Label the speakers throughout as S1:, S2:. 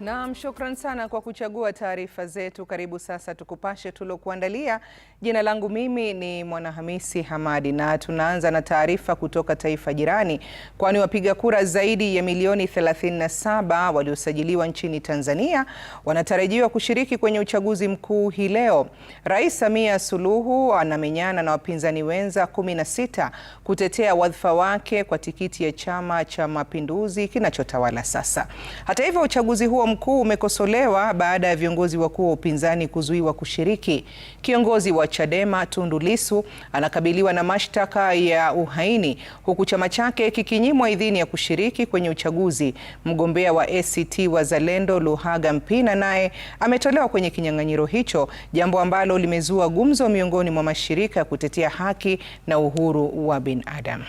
S1: Naam, shukran sana kwa kuchagua taarifa zetu. Karibu sasa tukupashe tulokuandalia. Jina langu mimi ni Mwanahamisi Hamadi na tunaanza na taarifa kutoka taifa jirani, kwani wapiga kura zaidi ya milioni 37 waliosajiliwa nchini Tanzania wanatarajiwa kushiriki kwenye uchaguzi mkuu hii leo. Rais Samia Suluhu anamenyana na wapinzani wenza 16 kutetea wadhifa wake kwa tikiti ya Chama cha Mapinduzi kinachotawala sasa. Hata hivyo uchaguzi huo mkuu umekosolewa baada ya viongozi wakuu wa upinzani kuzuiwa kushiriki. Kiongozi wa Chadema Tundu Lissu anakabiliwa na mashtaka ya uhaini huku chama chake kikinyimwa idhini ya kushiriki kwenye uchaguzi. Mgombea wa ACT Wazalendo Luhaga Mpina naye ametolewa kwenye kinyang'anyiro hicho, jambo ambalo limezua gumzo miongoni mwa mashirika ya kutetea haki na uhuru wa binadamu.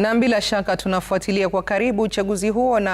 S1: Na bila shaka tunafuatilia kwa karibu uchaguzi huo na